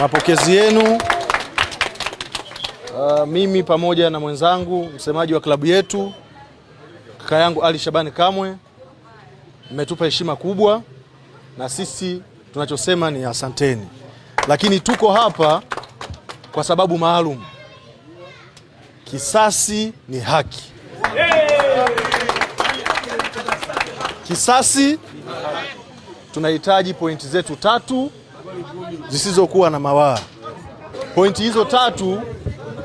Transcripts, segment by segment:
mapokezi yenu. Uh, mimi pamoja na mwenzangu msemaji wa klabu yetu kaka yangu Ali Shabani Kamwe mmetupa heshima kubwa, na sisi tunachosema ni asanteni, lakini tuko hapa kwa sababu maalum. Kisasi ni haki, kisasi tunahitaji pointi zetu tatu zisizokuwa na mawaa. Pointi hizo tatu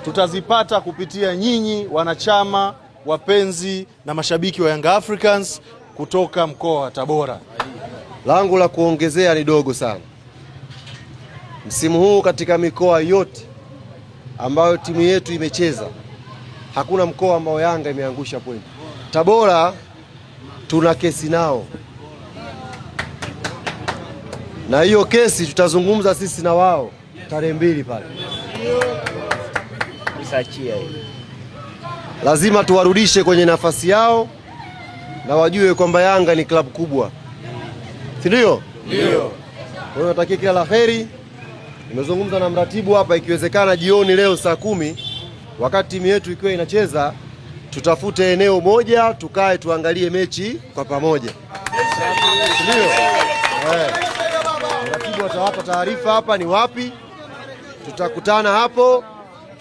tutazipata kupitia nyinyi wanachama wapenzi na mashabiki wa Young Africans kutoka mkoa wa Tabora. Langu la kuongezea ni dogo sana. Msimu huu katika mikoa yote ambayo timu yetu imecheza, hakuna mkoa ambao Yanga imeangusha pointi. Tabora tuna kesi nao na hiyo kesi tutazungumza sisi na wao tarehe mbili pale. Lazima tuwarudishe kwenye nafasi yao na wajue kwamba Yanga ni klabu kubwa, si ndio? Ndio. Kwa hiyo natakia kila la heri. Nimezungumza na mratibu hapa, ikiwezekana jioni leo saa kumi, wakati timu yetu ikiwa inacheza, tutafute eneo moja tukae tuangalie mechi kwa pamoja, si ndio? taarifa hapa ni wapi. Tutakutana hapo,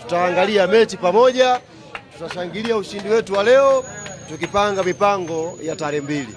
tutaangalia mechi pamoja, tutashangilia ushindi wetu wa leo, tukipanga mipango ya tarehe mbili.